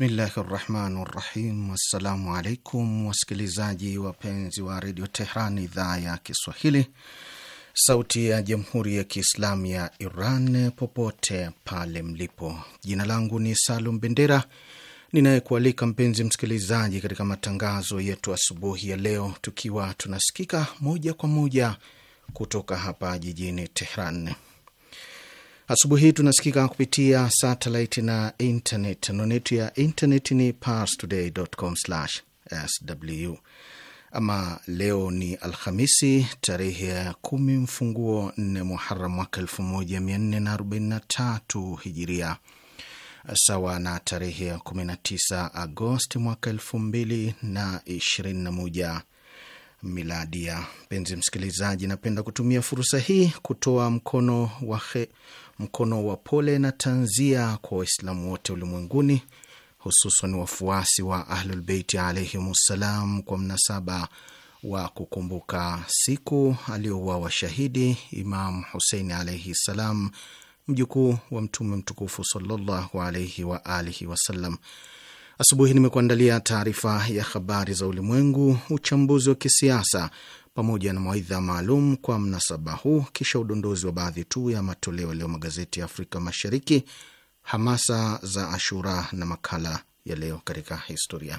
Bismillahi rahmani rahim. Wassalamu alaikum wasikilizaji wapenzi wa redio Tehran, idhaa ya Kiswahili, sauti ya jamhuri ya kiislamu ya Iran, popote pale mlipo. Jina langu ni Salum Bendera ninayekualika mpenzi msikilizaji katika matangazo yetu asubuhi ya leo, tukiwa tunasikika moja kwa moja kutoka hapa jijini Tehran Asubuhi hii tunasikika kupitia satellite na internet. Anwani yetu ya internet ni parstoday.com/sw. Ama leo ni Alhamisi tarehe ya kumi mfunguo nne Muharam mwaka elfu moja mia nne na arobaini na tatu hijiria sawa na tarehe ya 19 Agosti mwaka elfu mbili na ishirini na moja miladia. Mpenzi msikilizaji, napenda kutumia fursa hii kutoa mkono wa mkono wa pole na tanzia kwa Waislamu wote ulimwenguni, hususan wafuasi wa Ahlulbeiti alaihimussalam kwa mnasaba wa kukumbuka siku aliyouawa shahidi Imam Husein alaihi ssalam, mjukuu wa Mtume mtukufu sallallahu alaihi wa alihi wasallam. Asubuhi nimekuandalia taarifa ya habari za ulimwengu, uchambuzi wa kisiasa pamoja na mawaidha maalum kwa mnasaba huu, kisha udondozi wa baadhi tu ya matoleo leo magazeti ya Afrika Mashariki, hamasa za Ashura na makala ya leo katika historia.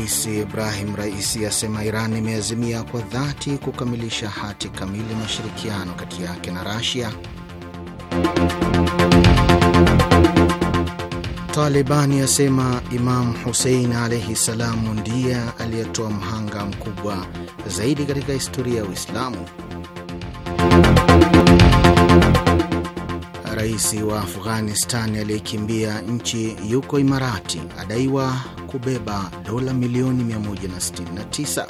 Rais Ibrahim Raisi asema Iran imeazimia kwa dhati kukamilisha hati kamili mashirikiano kati yake na Rasia. Talibani yasema Imam Husein alaihi salamu ndiye aliyetoa mhanga mkubwa zaidi katika historia ya Uislamu. Rais wa Afghanistan aliyekimbia nchi yuko Imarati adaiwa kubeba dola milioni 169.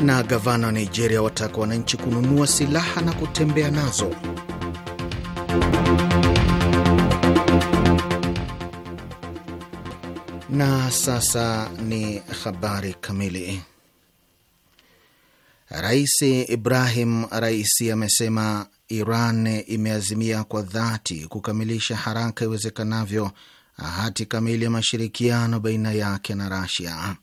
Na gavana wa Nigeria wataka wananchi kununua silaha na kutembea nazo. Na sasa ni habari kamili. Rais Ibrahim Raisi amesema Iran imeazimia kwa dhati kukamilisha haraka iwezekanavyo hati kamili ya mashirikiano baina yake na Rasia.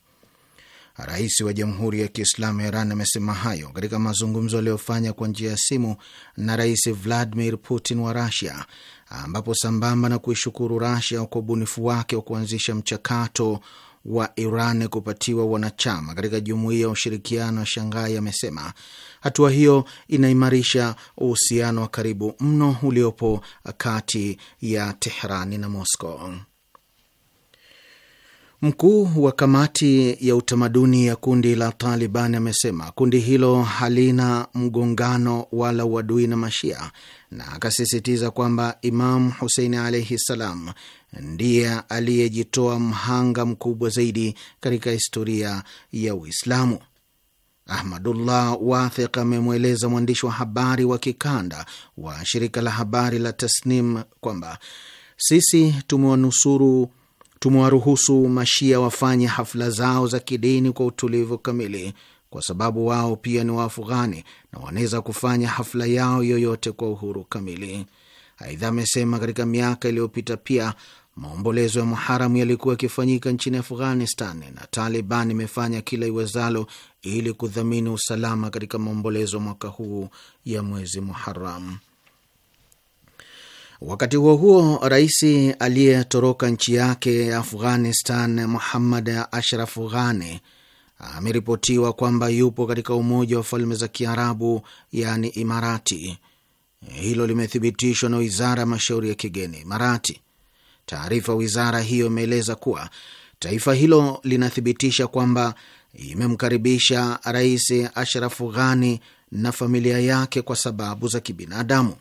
Rais wa Jamhuri ya Kiislamu ya Iran amesema hayo katika mazungumzo aliyofanya kwa njia ya simu na Rais Vladimir Putin wa Rasia, ambapo sambamba na kuishukuru Rasia kwa ubunifu wake wa kuanzisha mchakato wa Iran kupatiwa wanachama katika jumuiya ya ushirikiano wa shangai amesema hatua hiyo inaimarisha uhusiano wa karibu mno uliopo kati ya Teherani na Moscow. Mkuu wa kamati ya utamaduni ya kundi la Taliban amesema kundi hilo halina mgongano wala uadui na Mashia, na akasisitiza kwamba imam Husein alaihi ssalam ndiye aliyejitoa mhanga mkubwa zaidi katika historia ya Uislamu. Ahmadullah Wathiq amemweleza mwandishi wa habari wa kikanda wa shirika la habari la Tasnim kwamba sisi tumewanusuru tumewaruhusu Mashia wafanye hafla zao za kidini kwa utulivu kamili, kwa sababu wao pia ni Waafghani na wanaweza kufanya hafla yao yoyote kwa uhuru kamili. Aidha, amesema katika miaka iliyopita pia maombolezo ya Muharamu yalikuwa yakifanyika nchini Afghanistan na Taliban imefanya kila iwezalo ili kudhamini usalama katika maombolezo mwaka huu ya mwezi Muharamu. Wakati huo huo, rais aliyetoroka nchi yake ya Afghanistan Muhammad Ashraf Ghani ameripotiwa kwamba yupo katika Umoja wa Falme za Kiarabu, yani Imarati. Hilo limethibitishwa na wizara ya mashauri ya kigeni Imarati. Taarifa wizara hiyo imeeleza kuwa taifa hilo linathibitisha kwamba imemkaribisha Rais ashrafu Ghani na familia yake kwa sababu za kibinadamu.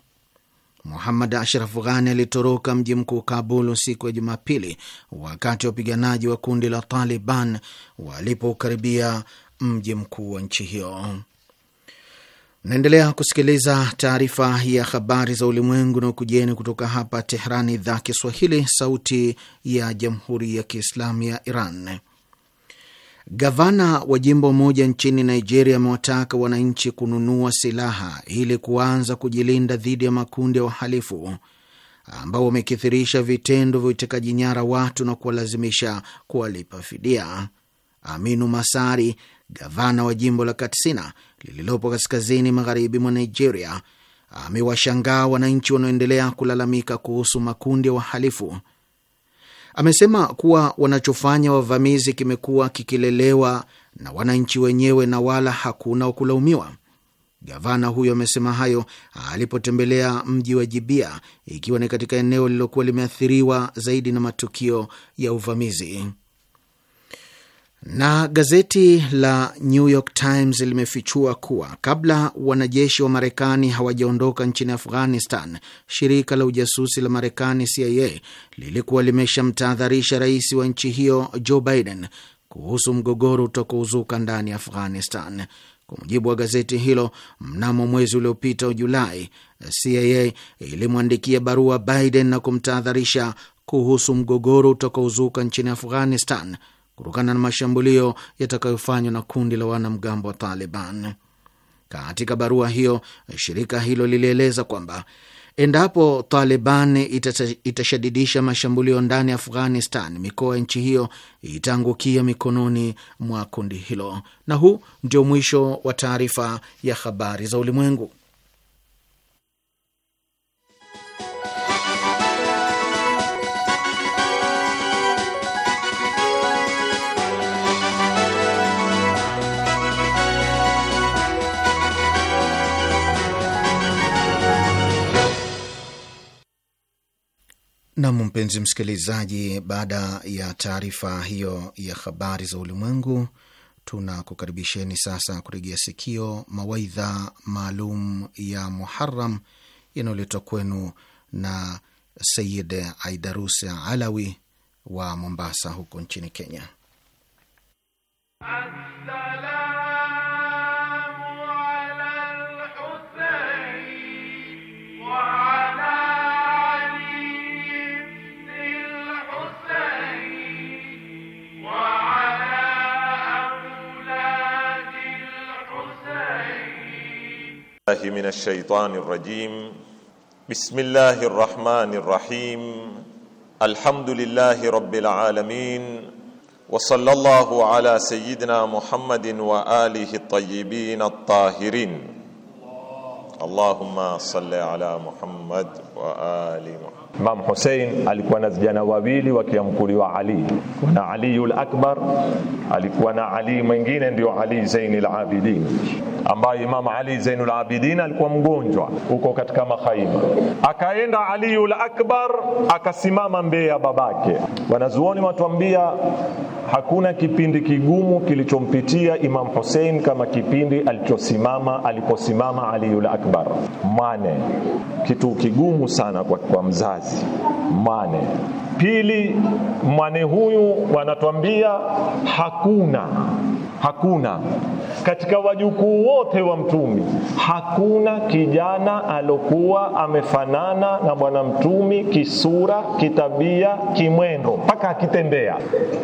Muhamad Ashraf Ghani alitoroka mji mkuu Kabul siku ya Jumapili wakati wapiganaji wa kundi la Taliban walipokaribia mji mkuu wa nchi hiyo. Naendelea kusikiliza taarifa ya habari za ulimwengu na ukujeni kutoka hapa Tehrani, idhaa Kiswahili, sauti ya jamhuri ya kiislamu ya Iran. Gavana wa jimbo moja nchini Nigeria amewataka wananchi kununua silaha ili kuanza kujilinda dhidi ya makundi ya wahalifu ambao wamekithirisha vitendo vya utekaji nyara watu na kuwalazimisha kuwalipa fidia. Aminu Masari, gavana wa jimbo la Katsina lililopo kaskazini magharibi mwa Nigeria, amewashangaa wananchi wanaoendelea kulalamika kuhusu makundi ya wahalifu Amesema kuwa wanachofanya wavamizi kimekuwa kikilelewa na wananchi wenyewe na wala hakuna wakulaumiwa. Gavana huyo amesema hayo alipotembelea mji wa Jibia, ikiwa ni katika eneo lililokuwa limeathiriwa zaidi na matukio ya uvamizi. Na gazeti la New York Times limefichua kuwa kabla wanajeshi wa Marekani hawajaondoka nchini Afghanistan, shirika la ujasusi la Marekani CIA lilikuwa limeshamtahadharisha rais wa nchi hiyo Joe Biden kuhusu mgogoro utakaozuka ndani ya Afghanistan. Kwa mujibu wa gazeti hilo, mnamo mwezi uliopita Julai, CIA ilimwandikia barua Biden na kumtahadharisha kuhusu mgogoro utakaozuka nchini Afghanistan kutokana na mashambulio yatakayofanywa na kundi la wanamgambo wa Taliban. Katika barua hiyo, shirika hilo lilieleza kwamba endapo Taliban itashadidisha mashambulio ndani ya Afghanistan, mikoa ya nchi hiyo itaangukia mikononi mwa kundi hilo. Na huu ndio mwisho wa taarifa ya habari za ulimwengu. Nam, mpenzi msikilizaji, baada ya taarifa hiyo ya habari za ulimwengu, tunakukaribisheni sasa kuregea sikio mawaidha maalum ya Muharam yanayoletwa kwenu na Sayid Aidarus Alawi wa Mombasa huko nchini Kenya. Allah. الله من الشيطان الرجيم بسم الله الرحمن الرحيم الحمد لله رب العالمين وصلى الله على سيدنا محمد واله الطيبين الطاهرين اللهم صل على محمد wa ali. Imam Hussein alikuwa na vijana wawili wakiamkuliwa Ali, na Aliul Akbar, alikuwa na Ali mwingine ndio Ali Zainul Abidin, ambaye Imam Ali Zainul Abidin alikuwa mgonjwa huko katika makhaima. Akaenda Aliul Akbar akasimama mbele ya babake. Wanazuoni watuambia hakuna kipindi kigumu kilichompitia Imam Hussein kama kipindi alichosimama aliposimama Aliul Akbar. Mane kitu kigumu sana kwa, kwa mzazi mane Pili, mwane huyu wanatwambia hakuna hakuna katika wajukuu wote wa mtumi hakuna kijana alokuwa amefanana na bwana mtumi kisura, kitabia, kimwendo mpaka akitembea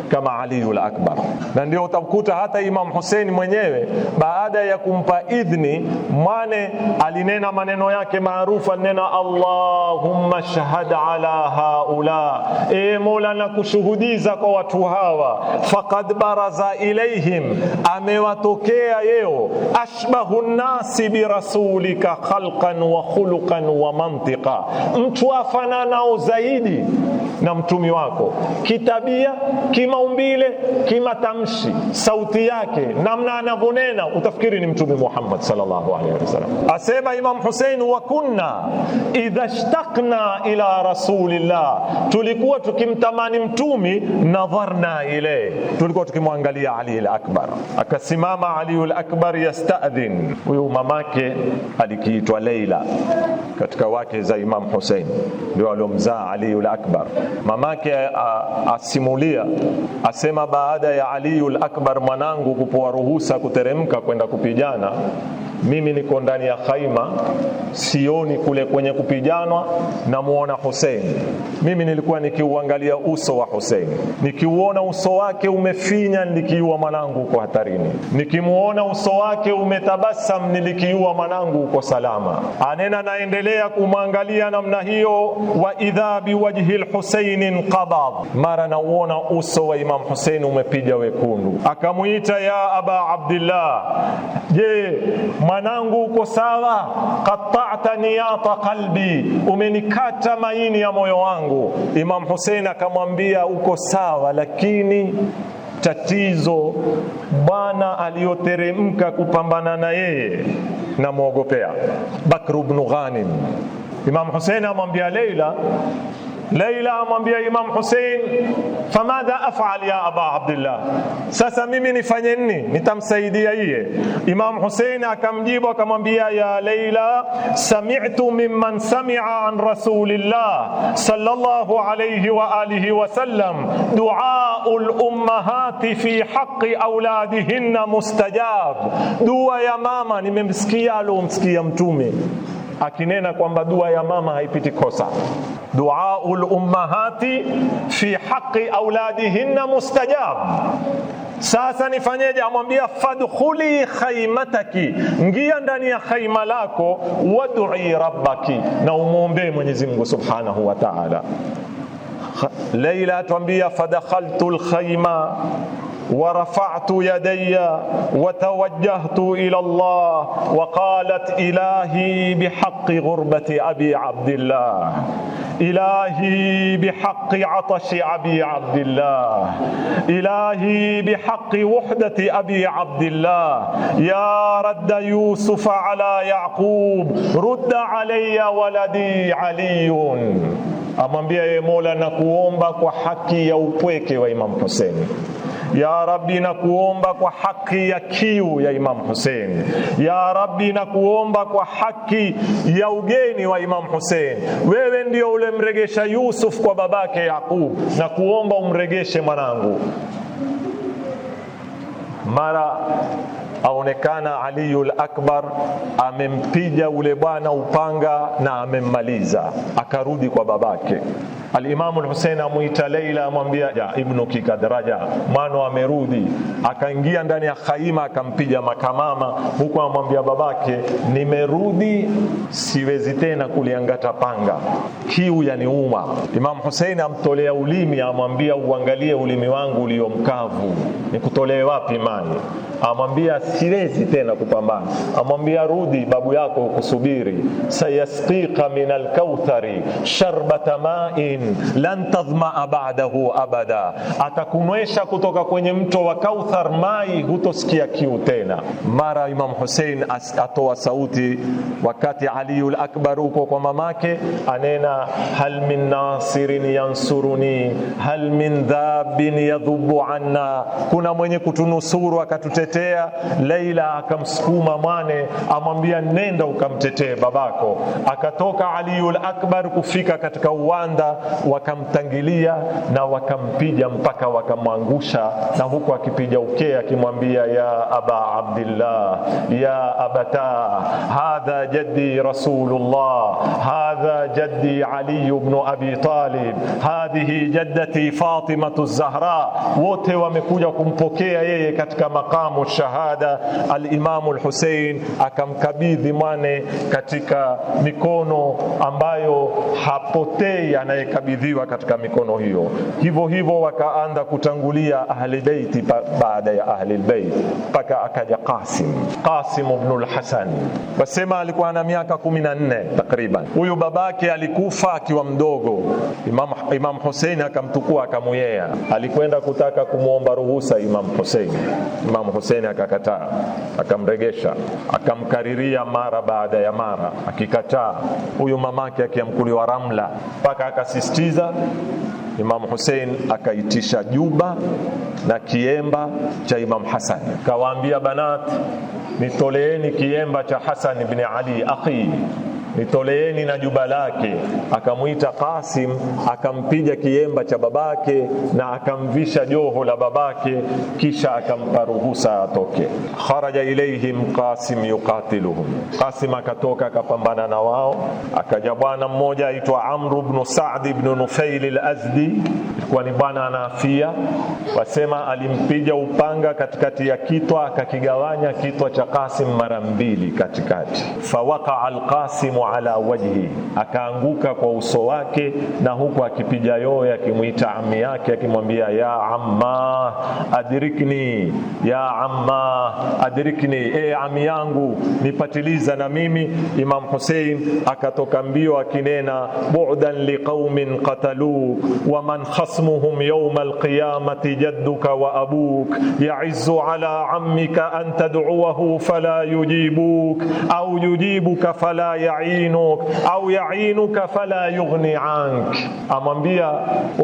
kama Aliyul Akbar. Na ndio utakuta hata Imam Hussein mwenyewe baada ya kumpa idhni mwane alinena maneno yake maarufu, alinena Allahumma shahada ala haula e Mola, na kushuhudiza kwa watu hawa, faqad baraza ilaihim, amewatokea yeo ashbahu nnasi birasulika khalqan wa khuluqan wa mantiqa, mtu afananao zaidi na mtumi wako kitabia, kimaumbile, kimatamshi, sauti yake, namna anavyonena, utafikiri ni mtumi Muhammad sallallahu alaihi wasallam. Asema Imam Hussein, wa kunna idha ishtaqna ila rasulillah, tulikuwa tukimtamani mtumi, nadharna ile, tulikuwa tukimwangalia Ali al-Akbar. Akasimama Ali al-Akbar yastadhin, huyu mamake alikiitwa Leila, katika wake za Imam Hussein, ndio aliomzaa Ali al-Akbar Mamake asimulia asema, baada ya Aliul Akbar mwanangu kupoa ruhusa kuteremka kwenda kupijana mimi niko ndani ya khaima, sioni kule kwenye kupijanwa, namuona Hussein. Mimi nilikuwa nikiuangalia uso wa Hussein, nikiuona uso wake umefinya, nilijua mwanangu uko hatarini. Nikimuona uso wake umetabasam, nilikiua mwanangu uko salama. Anena naendelea kumwangalia namna hiyo, wa idha biwajhi lhuseini qadab, mara nauona uso wa Imam Hussein umepija wekundu. Akamuita ya aba Abdillah, je mwanangu, uko sawa? qata'ta niyata qalbi, umenikata maini ya moyo wangu. Imam Hussein akamwambia uko sawa, lakini tatizo bwana aliyoteremka kupambana na yeye namwogopea Bakr ibn Ghanim. Imam Hussein amwambia Leila Laila amwambia Imam Hussein, famadha afal ya aba Abdullah, sasa mimi nifanye nini? Nitamsaidia yeye. Imam Hussein akamjibu akamwambia, ya Laila, sami'tu mimman sami'a an rasulillah sallallahu alayhi wa alihi wa sallam duaul ummahati fi haqqi auladihinna mustajab, dua ya mama nimemsikia alomsikia Mtume akinena kwamba dua ya mama haipiti kosa. Duaul ummahati fi haqi auladihinna mustajab. Sasa nifanyeje? Amwambia fadkhuli khaimataki, ngia ndani ya khaima lako, wadui rabbaki, na umwombee Mwenyezi Mungu subhanahu wa taala. Leila atwambia fadakhaltu lkhaima ورفعت يدي وتوجهت الى الله وقالت الهي بحق غربه ابي عبد الله إلهي بحق عطش أبي عبد الله إلهي بحق وحدة أبي عبد الله يا رد يوسف على يعقوب رد علي ولدي علي amwambia yeye Mola na kuomba kwa haki ya upweke wa Imam Hussein ya Rabbi, na kuomba kwa haki ya kiu ya Imam Hussein. Ya Rabbi, na kuomba kwa haki ya ugeni wa Imam Hussein. Wewe ndio ulemregesha Yusuf kwa babake Yaqub, na kuomba umregeshe mwanangu. Mara aonekana Aliyul Akbar amempija ule bwana upanga na amemmaliza, akarudi kwa babake. Alimamu lhusein amwita Leila, amwambia ja, ibnu kikadraja mwana amerudi. Akaingia ndani ya khaima akampija makamama, huku amwambia babake, nimerudi, siwezi tena kuliangata panga, kiu yaniuma. Imamu Husein amtolea ulimi, amwambia uangalie ulimi wangu ulio mkavu, nikutolee wapi mani? Amwambia siwezi tena kupambana. Amwambia rudi babu yako kusubiri, sayasqika min alkauthari sharbata ma'in lan tadhmaa ba'dahu abada, atakunwesha kutoka kwenye mto wa Kauthar mai hutosikia kiu tena. Mara Imam Hussein atoa sauti wakati Aliul Akbar uko kwa mamake, anena hal min nasirin yansuruni hal min dhabin yadhubu anna, kuna mwenye kutunusuru akatutetea leila akamsukuma mwane, amwambia nenda ukamtetee babako. Akatoka Aliul Akbar kufika katika uwanda, wakamtangilia na wakampija mpaka wakamwangusha, na huku akipiga ukee akimwambia ya aba Abdillah, ya abata hadha jaddi Rasulullah, hadha jaddi Ali ibn Abi Talib, hadhihi jaddati Fatimatu Zahra. Wote wamekuja kumpokea yeye katika makamu shahada kisha alimamu Hussein akamkabidhi mwane katika mikono ambayo hapotei anayekabidhiwa katika mikono hiyo. Hivyo hivyo wakaanza kutangulia ahli beiti baada ya ahli bait mpaka akaja Qasim, Qasim ibn al-Hasan. Wasema alikuwa na miaka 14 takriban. Huyu babake alikufa akiwa mdogo. Imam Imam Hussein akamtukua akamuyea. Alikwenda kutaka kumwomba ruhusa Imam Hussein. Imam Hussein akakataa akakataa, akamregesha, akamkariria mara baada ya mara, akikataa. Huyu mamake akiamkuliwa ramla, mpaka akasisitiza Imamu Hussein akaitisha juba na kiemba cha Imamu Hasan, kawaambia banat, nitoleeni kiemba cha Hasan ibn Ali akhi nitoleeni na juba lake. Akamwita Qasim, akampiga kiemba cha babake na akamvisha joho la babake, kisha akampa ruhusa atoke. Kharaja ilaihim Qasim yuqatiluhum, Qasim akatoka akapambana na wao. Akaja bwana mmoja aitwa Amr ibn Sa'd ibn Nufail al-Azdi kwani Bwana ana afia. Wasema alimpiga upanga katikati ya kitwa akakigawanya kitwa cha Qasim mara mbili katikati. Fawaka alqasimu ala wajhi, akaanguka kwa uso wake, na huku akipiga yoye akimwita ammi yake akimwambia ya amma adrikni ya amma adrikni e ami yangu nipatiliza na mimi. Imam Hussein akatoka mbio akinena bu'dan liqaumin qatalu wa man وخصمهم يوم القيامة جدك وأبوك يعز على عمك أن تدعوه فلا يجيبوك أو يجيبك فلا يعينك أو يعينك فلا يغني عنك amwambia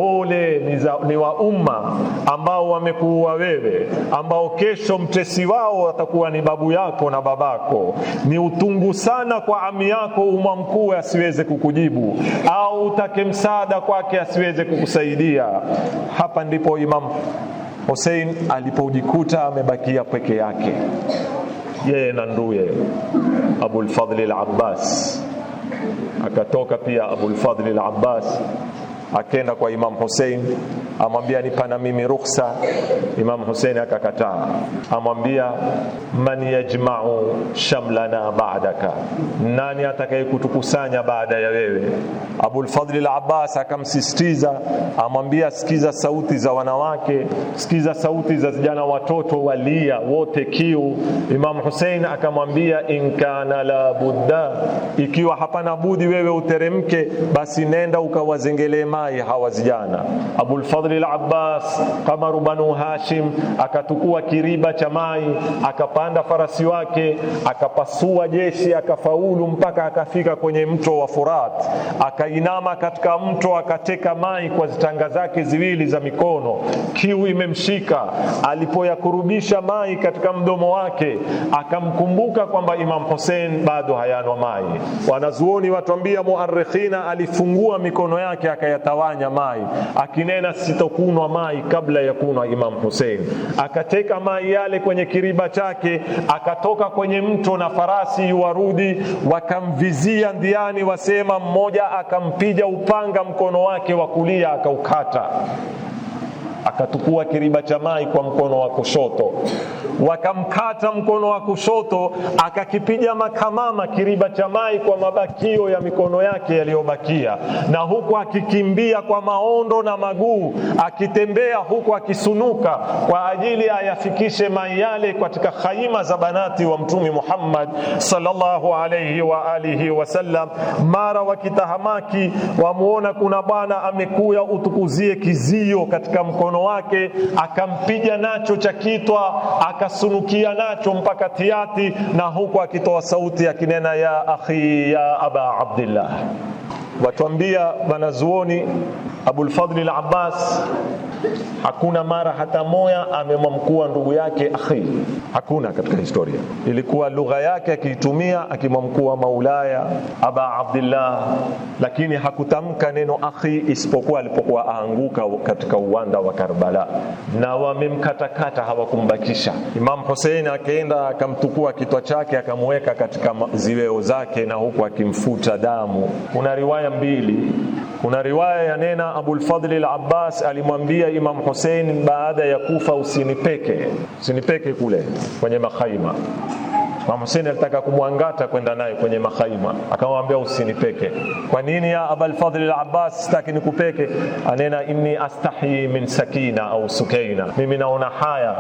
ole ni, wa umma ambao wamekuua wewe ambao kesho mtesi wao watakuwa ni babu yako na babako ni utungu sana kwa ami yako umwa mkuu asiweze kukujibu au utake msaada kwake asiweze kukusaidia kulia. Hapa ndipo Imam Hussein alipojikuta amebakia peke yake, yeye na nduye Abulfadhli al-Abbas. Akatoka pia Abulfadhli al-Abbas Akenda kwa Imam Hussein, amwambia nipa na mimi ruhusa. Imam Hussein akakataa, amwambia man yajma'u shamlana ba'daka, nani atakayekutukusanya baada ya wewe? Abul Fadl al-Abbas akamsisitiza, amwambia sikiza sauti za wanawake, sikiza sauti za vijana, watoto walia wote kiu. Imam Hussein akamwambia in kana la budda, ikiwa hapana budi wewe uteremke, basi nenda ukawazengelee hatimaye hawazijana vijana al-Abbas Qamaru Banu Hashim akatukua kiriba cha mai, akapanda farasi wake, akapasua jeshi, akafaulu mpaka akafika kwenye mto wa Furat, akainama katika mto, akateka mai kwa zitanga zake ziwili za mikono, kiu imemshika. Alipoyakurubisha mai katika mdomo wake, akamkumbuka kwamba Imam Hussein bado hayanwa mai. Wanazuoni watuambia muarikhina, alifungua mikono yake akaya akatawanya mai akinena sitokunwa mai kabla ya kunwa Imam Hussein. Akateka mai yale kwenye kiriba chake, akatoka kwenye mto na farasi yuwarudi, wakamvizia ndiani, wasema mmoja akampija upanga mkono wake wa kulia akaukata akatukua kiriba cha mai kwa mkono wa kushoto, wakamkata mkono wa kushoto, akakipiga makamama kiriba cha mai kwa mabakio ya mikono yake yaliyobakia, na huku akikimbia kwa maondo na maguu, akitembea huku akisunuka kwa ajili ayafikishe mai yale katika khaima za banati wa Mtume Muhammad sallallahu alayhi wa alihi wasallam. Mara wakitahamaki wamuona kuna bwana amekuya, utukuzie kizio katika mkono mkono wake akampiga nacho cha kitwa, akasunukia nacho mpaka tiati, na huku akitoa sauti akinena ya akhi ya aba Abdillah Watuambia wanazuoni Abulfadli al-Abbas hakuna mara hata moya amemwamkua ndugu yake akhi, hakuna katika historia. Ilikuwa lugha yake akiitumia akimwamkua maulaya aba Abdillah, lakini hakutamka neno akhi isipokuwa alipokuwa aanguka katika uwanda wa Karbala, na wamemkatakata hawakumbakisha. Imam Hussein akaenda akamtukua kitwa chake akamweka katika ziweo zake, na huku akimfuta damu. Kuna riwaya riwaya mbili. Kuna riwaya ya nena Abulfadli al-Abbas alimwambia Imam Hussein baada ya kufa, usinipeke, usinipeke kule kwenye makhaima Imam Hussein alitaka kumwangata kwenda naye kwenye mahaima, akamwambia usinipeke. Kwa nini ya Abul Fadhl al-Abbas, sitaki nikupeke? Anena inni astahi min Sakina au Sukaina, mimi naona haya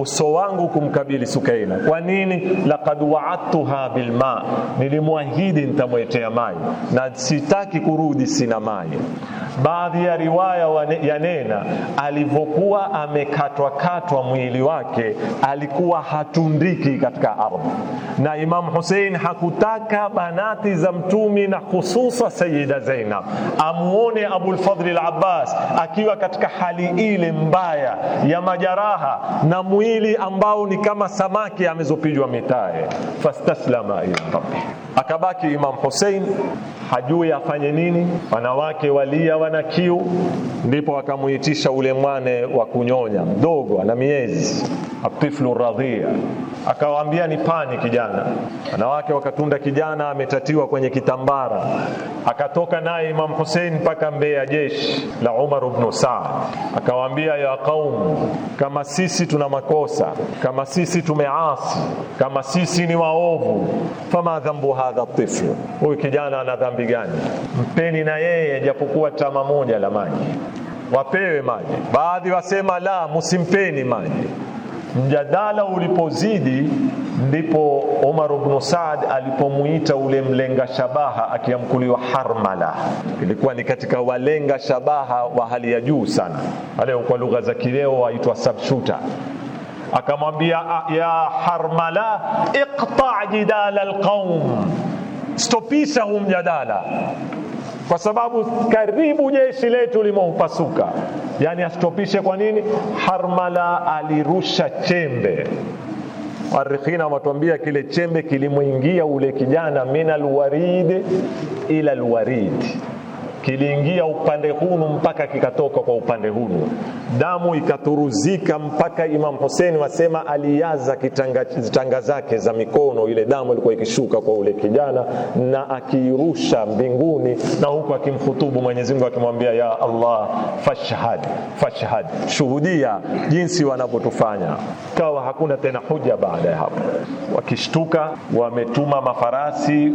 uso wangu kumkabili Sukaina. Kwa nini? laqad wa'adtuha bilma, nilimwahidi nitamwetea maji na sitaki kurudi sina maji. Baadhi ya riwaya yanena alivyokuwa amekatwakatwa mwili wake alikuwa hatundiki katika ardhi na Imamu Husein hakutaka banati za mtumi na hususa Sayyida Zainab amuone Abulfadhli al-Abbas akiwa katika hali ile mbaya ya majaraha na mwili ambao ni kama samaki amezopijwa mitae, fastaslama ila rabbih Akabaki Imam Hussein hajui afanye nini, wanawake walia, wana kiu. Ndipo akamuitisha ule mwane wa kunyonya mdogo, ana miezi atiflu radhia, akawaambia ni pani kijana. Wanawake wakatunda kijana ametatiwa kwenye kitambara, akatoka naye Imam Hussein mpaka mbee ya jeshi la Umar ibn Saad, akawaambia ya qaum, kama sisi tuna makosa, kama sisi tumeasi, kama sisi ni waovu, fama dhambuha hadha tiflu, huyu kijana ana dhambi gani? Mpeni na yeye japokuwa tama moja la maji, wapewe maji. Baadhi wasema la, musimpeni maji. Mjadala ulipozidi ndipo Omar ibn Saad alipomuita ule mlenga shabaha akiamkuliwa Harmala. Ilikuwa ni katika walenga shabaha wa hali ya juu sana, wale kwa lugha za kileo waitwa sharpshooter akamwambia ya Harmala, iqta jidala alqaum, stopisha huu mjadala kwa sababu karibu jeshi letu limeupasuka. Yani astopishe. Kwa nini? Harmala alirusha chembe. Warikhina watuambia kile chembe kilimwingia ule kijana min alwaridi ila alwarid kiliingia upande hunu mpaka kikatoka kwa upande hunu, damu ikaturuzika mpaka Imam Hussein wasema aliaza kitanga, zake za mikono. Ile damu ilikuwa ikishuka kwa ule kijana na akiirusha mbinguni, na huku akimhutubu Mwenyezi Mungu akimwambia, ya Allah fashhad fashhad, shuhudia jinsi wanavyotufanya. Kawa hakuna tena hoja baada ya hapo, wakishtuka wametuma mafarasi,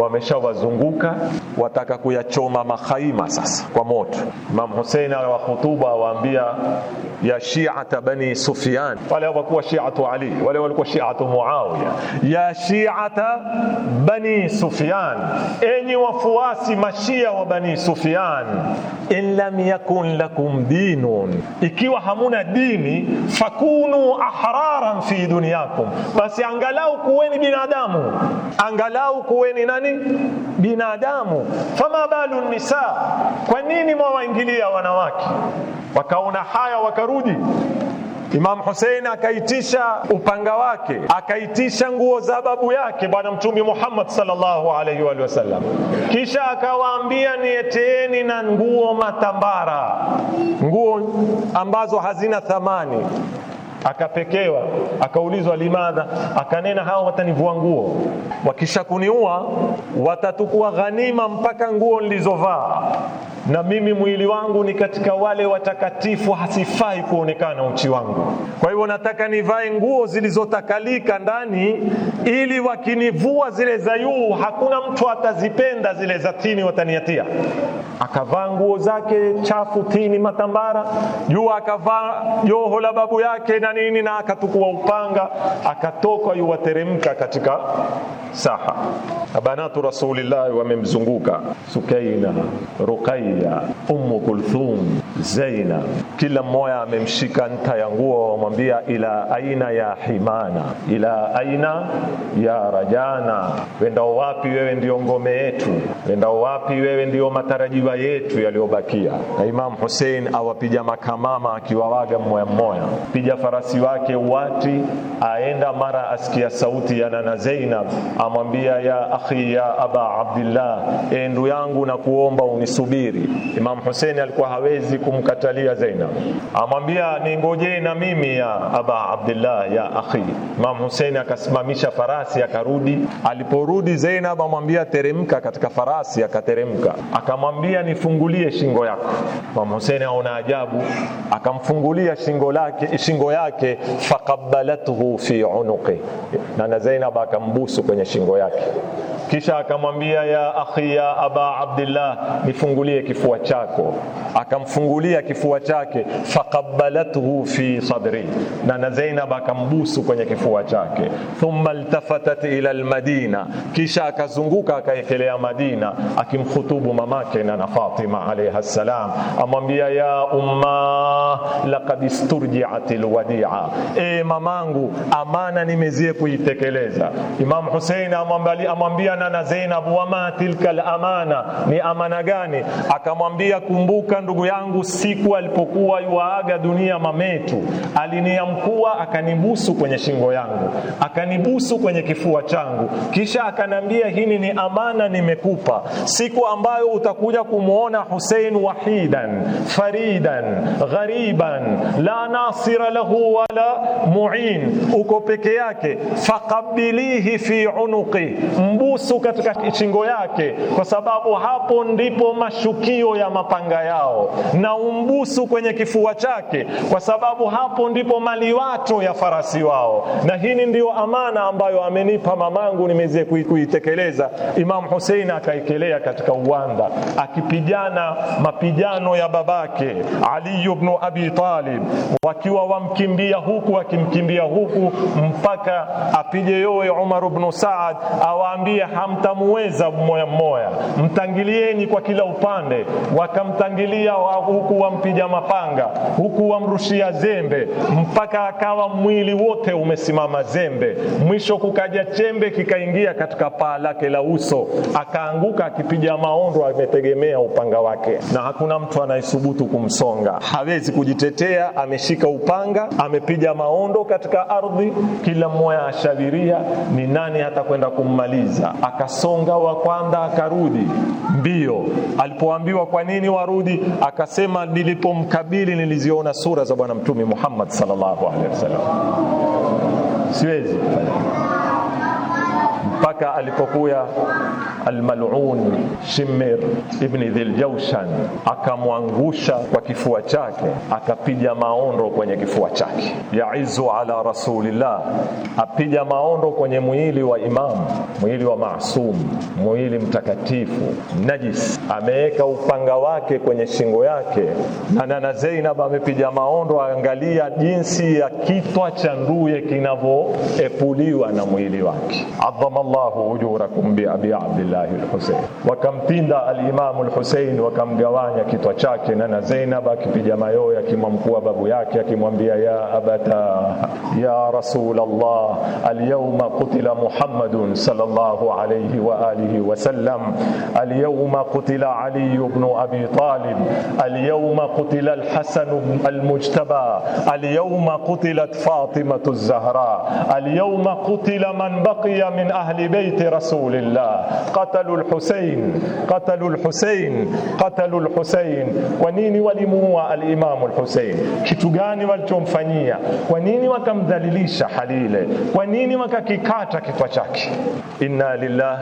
wameshawazunguka wataka kuyachoma maha khaima sasa kwa moto. Imam Hussein wa khutuba awaambia ya shiata bani Sufyan, wale hawakuwa shiatu Ali, wale walikuwa shiatu Muawiya. Ya shiata bani Sufyan, enyi wafuasi mashia wa bani Sufyan, in lam yakun lakum dinun, ikiwa hamuna dini, fakunu ahraran fi dunyakum, basi angalau kuweni binadamu, angalau kuweni nani binadamu. Fama balu nisa kwa nini mwawaingilia wanawake? Wakaona haya wakarudi. Imam Hussein akaitisha upanga wake, akaitisha nguo za babu yake Bwana Mtume Muhammad sallallahu alaihi wa sallam, kisha akawaambia nieteeni na nguo matambara, nguo ambazo hazina thamani akapekewa, akaulizwa limadha, akanena hao watanivua nguo, wakishakuniua watatukua ghanima mpaka nguo nilizovaa na mimi mwili wangu ni katika wale watakatifu, hasifai kuonekana uchi wangu. Kwa hivyo nataka nivae nguo zilizotakalika ndani, ili wakinivua zile za juu hakuna mtu atazipenda, zile za tini wataniatia. Akavaa nguo zake chafu, tini, matambara, juu akavaa joho la babu yake na nini, na akatukua upanga, akatoka yuwateremka katika saha. Abanatu Rasulillahi wamemzunguka Sukaina, Ruqayya Ruqayya, Ummu Kulthum, Zainab, kila mmoja amemshika nta ya nguo, wamwambia ila aina ya himana, ila aina ya rajana, wenda wapi wewe, ndio ngome yetu, wenda wapi wewe, ndio matarajiwa yetu yaliyobakia. Na Imam Hussein awapiga makamama akiwawaga mmoja mmoja, pija farasi wake wati, aenda mara asikia sauti ya nana Zainab, amwambia ya akhi ya aba Abdillah, endu ee yangu na kuomba unisubiri Imam Hussein alikuwa hawezi kumkatalia Zainab, amwambia ningojee na mimi ya aba Abdullah ya akhi. Imam Hussein akasimamisha farasi akarudi. Aliporudi Zainab amwambia teremka katika farasi, akateremka. Akamwambia nifungulie shingo yako. Imam Hussein aona ajabu, akamfungulia shingo lake shingo yake, faqabbalathu fi unuqi, na na Zainab akambusu kwenye shingo yake, kisha akamwambia ya akhi ya aba Abdullah nifungulie kifua chako, akamfungulia kifua chake, faqabbalathu fi sadri, na na Zainab akambusu kwenye kifua chake. Thumma iltafatat ila almadina, kisha akazunguka akaekelea Madina, akimkhutubu mamake na na Fatima alayha salam, amwambia ya umma laqad isturjiat alwadia, e mamangu, amana nimezie kuitekeleza. Imam Hussein amwambia na na Zainab, wama tilka alamana, ni amana gani? akamwambia, kumbuka ndugu yangu, siku alipokuwa yuaaga dunia mametu aliniamkua akanibusu kwenye shingo yangu, akanibusu kwenye kifua changu, kisha akanambia, hini ni amana nimekupa, siku ambayo utakuja kumwona Hussein wahidan faridan ghariban la nasira lahu wala muin, uko peke yake, faqabilihi fi unuqi, mbusu katika shingo yake, kwa sababu hapo ndipo mashuki hiyo ya mapanga yao na umbusu kwenye kifua chake, kwa sababu hapo ndipo maliwato ya farasi wao. Na hili ndiyo amana ambayo amenipa mamangu, nimeze kuitekeleza. Imamu Husein akaikelea katika uwanda, akipigana mapigano ya babake Ali ibn Abi Talib, wakiwa wamkimbia huku akimkimbia huku, mpaka apige yowe Umar ibn Saad, awaambie hamtamuweza mmoja mmoja, mtangilieni kwa kila upande wakamtangilia wa huku wampija mapanga, huku wamrushia zembe, mpaka akawa mwili wote umesimama zembe. Mwisho kukaja chembe kikaingia katika paa lake la uso, akaanguka akipija maondo, ametegemea upanga wake, na hakuna mtu anayesubutu kumsonga. Hawezi kujitetea, ameshika upanga, amepija maondo katika ardhi, kila mmoja ashabiria ni nani hata kwenda kummaliza. Akasonga wa kwanza, akarudi mbio, alipoambiwa akaambiwa kwa nini warudi? Akasema, nilipomkabili niliziona sura za Bwana Mtume Muhammad sallallahu alaihi wasallam, siwezi mpaka alipokuya almalun Shimir ibni dhiljaushan akamwangusha kwa kifua chake, akapiga maondo kwenye kifua chake. Yaizu ala rasulillah, apiga maondo kwenye mwili wa imamu, mwili wa masum mwili mtakatifu najis. Ameweka upanga wake kwenye shingo yake, na nana Zainab amepiga maondo, aangalia jinsi ya kitwa cha nduye kinavyoepuliwa na mwili wake. Adhamallahu ujurakum bi abi abdillah lillahi lhusein. Wakampinda alimamu lhusein, wakamgawanya kichwa chake na na Zainab akipiga mayoya akimwamkua babu yake akimwambia, ya abata ya rasul Allah alyawma qutila muhammadun sallallahu alayhi wa alihi wa sallam alyawma qutila ali ibn abi talib alyawma qutila alhasan almujtaba alyawma qutilat fatima الزهراء اليوم قتل من بقي من اهل بيت رسول الله قتلوا الحسين قتلوا الحسين قتلوا الحسين ونيني ولموا الإمام الحسين كتغاني والتوم فنيا ونيني وكم ذليليش حليلة ونيني وككي كاتا كتوشاك إنا لله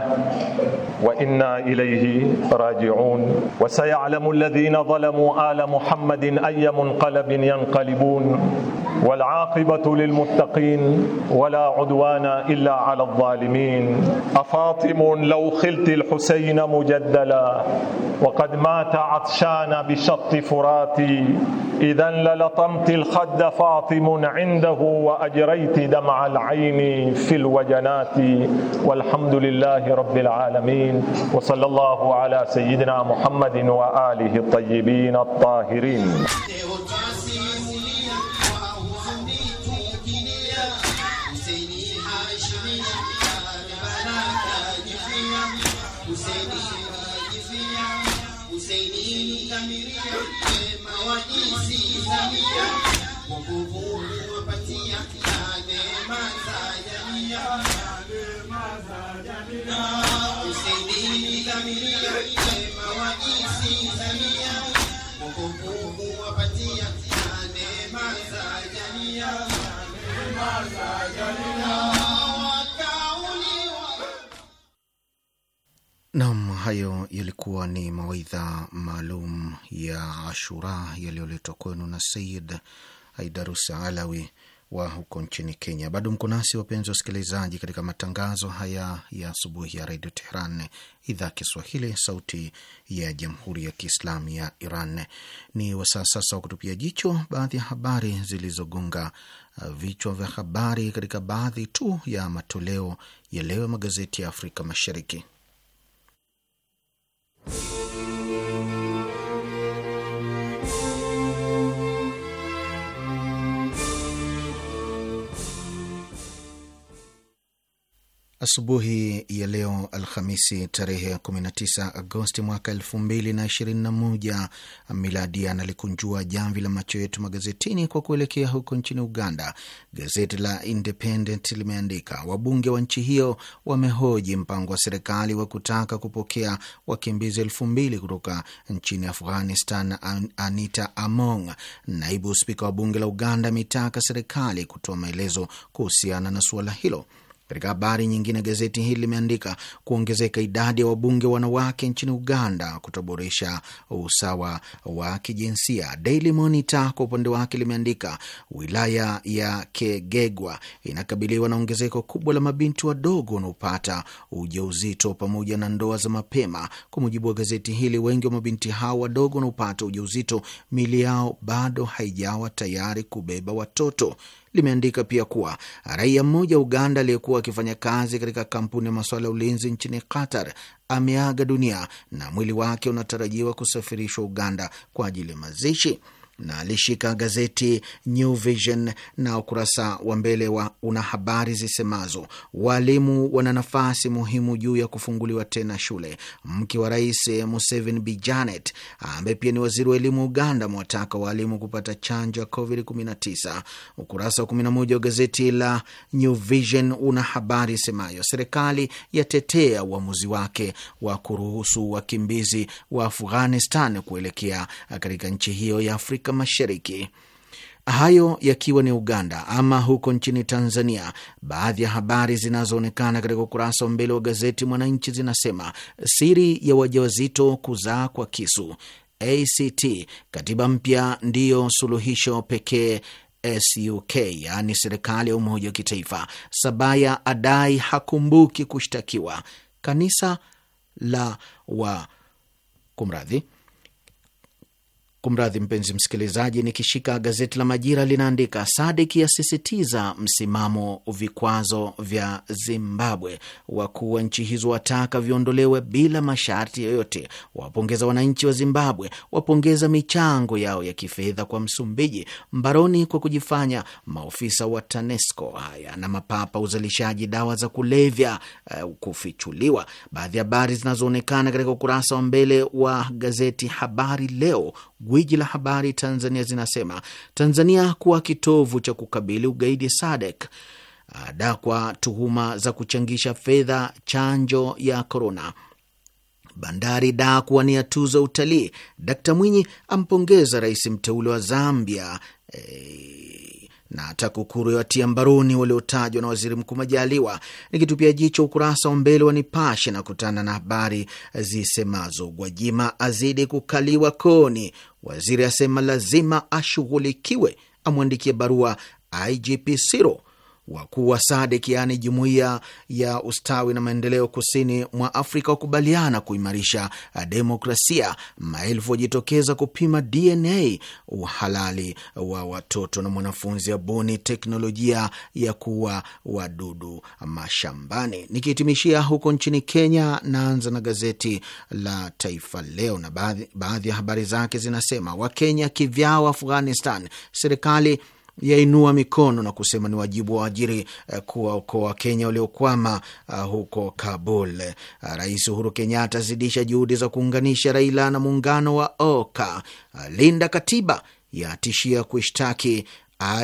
وإنا إليه راجعون وسيعلم الذين ظلموا آل محمد أي منقلب ينقلبون والعاقبة للمتقين ولا عدوان إلا على الظالمين أفاطم لو خير قتلت الحسين مجدلا وقد مات عطشان بشط فراتي إذا للطمت الخد فاطم عنده وأجريت دمع العين في الوجنات والحمد لله رب العالمين وصلى الله على سيدنا محمد وآله الطيبين الطاهرين Nam, hayo yalikuwa ni mawaidha maalum ya Ashura yaliyoletwa kwenu na Sayid Aidarus Alawi wa huko nchini Kenya. Bado mko nasi wapenzi wasikilizaji, katika matangazo haya ya asubuhi ya Redio Tehran, idhaa ya Kiswahili, sauti ya Jamhuri ya Kiislamu ya Iran. Ni wasaa sasa wa kutupia jicho baadhi ya habari zilizogonga Uh, vichwa vya habari katika baadhi tu ya matoleo ya leo magazeti ya Afrika Mashariki. Asubuhi ya leo Alhamisi tarehe 19 Agosti mwaka 2021 miladi, analikunjua jamvi la macho yetu magazetini kwa kuelekea huko nchini Uganda. Gazeti la Independent limeandika wabunge wa nchi hiyo wamehoji mpango wa serikali wa kutaka kupokea wakimbizi elfu mbili kutoka nchini Afghanistan. Anita Among, naibu spika wa bunge la Uganda, ametaka serikali kutoa maelezo kuhusiana na suala hilo. Katika habari nyingine, gazeti hili limeandika kuongezeka idadi ya wabunge wanawake nchini Uganda kutoboresha usawa wa kijinsia. Daily Monitor kwa upande wake limeandika wilaya ya Kegegwa inakabiliwa na ongezeko kubwa la mabinti wadogo wanaopata ujauzito pamoja na ndoa za mapema. Kwa mujibu wa gazeti hili, wengi wa mabinti hao wadogo wanaopata ujauzito, mili yao bado haijawa tayari kubeba watoto limeandika pia kuwa raia mmoja wa Uganda aliyekuwa akifanya kazi katika kampuni ya masuala ya ulinzi nchini Qatar ameaga dunia na mwili wake unatarajiwa kusafirishwa Uganda kwa ajili ya mazishi na alishika gazeti New Vision na ukurasa wa mbele wa una habari zisemazo walimu wana nafasi muhimu juu ya kufunguliwa tena shule. Mke wa Rais Museveni Bi Janet ambaye pia ni waziri wa elimu Uganda amewataka waalimu kupata chanjo ya COVID-19. Ukurasa wa 11 wa gazeti la New Vision una habari isemayo serikali yatetea uamuzi wa wake wa kuruhusu wakimbizi wa Afghanistan kuelekea katika nchi hiyo ya Afrika Afrika Mashariki. Hayo yakiwa ni Uganda. Ama huko nchini Tanzania, baadhi ya habari zinazoonekana katika ukurasa wa mbele wa gazeti Mwananchi zinasema siri ya wajawazito kuzaa kwa kisu, ACT katiba mpya ndiyo suluhisho pekee SUK yaani serikali ya umoja wa kitaifa. Sabaya adai hakumbuki kushtakiwa. Kanisa la wa kumradhi Kumradhi mpenzi msikilizaji, nikishika gazeti la Majira linaandika sadik yasisitiza msimamo vikwazo vya Zimbabwe, wakuu wa nchi hizo wataka viondolewe bila masharti yoyote, wapongeza wananchi wa Zimbabwe, wapongeza michango yao ya kifedha kwa Msumbiji, mbaroni kwa kujifanya maofisa wa TANESCO. Haya na mapapa uzalishaji dawa za kulevya uh, kufichuliwa. Baadhi ya habari zinazoonekana katika ukurasa wa mbele wa gazeti Habari Leo Gwiji la habari Tanzania zinasema Tanzania kuwa kitovu cha kukabili ugaidi SADC adakwa tuhuma za kuchangisha fedha chanjo ya korona. Bandari da kuwania tuzo ya utalii. Dkt Mwinyi ampongeza rais mteule wa Zambia e na TAKUKURU yawatia mbaroni waliotajwa na waziri mkuu Majaliwa. Nikitupia jicho ukurasa wa mbele wa Nipashe na kutana na habari zisemazo Gwajima azidi kukaliwa koni, waziri asema lazima ashughulikiwe, amwandikie barua IGP Siro, wakuu wa SADC yaani jumuiya ya ustawi na maendeleo kusini mwa Afrika wakubaliana kuimarisha demokrasia, maelfu wajitokeza kupima DNA uhalali wa watoto, na mwanafunzi abuni teknolojia ya kuwa wadudu mashambani. Nikihitimishia huko nchini Kenya, naanza na gazeti la Taifa Leo na baadhi ya habari zake zinasema: Wakenya kivyao Afghanistan, serikali yainua mikono na kusema ni wajibu wa ajiri eh, kuwaokoa Wakenya waliokwama eh, huko Kabul. Eh, Rais Uhuru Kenyatta azidisha juhudi za kuunganisha Raila na muungano wa OKA. Linda katiba yatishia kushtaki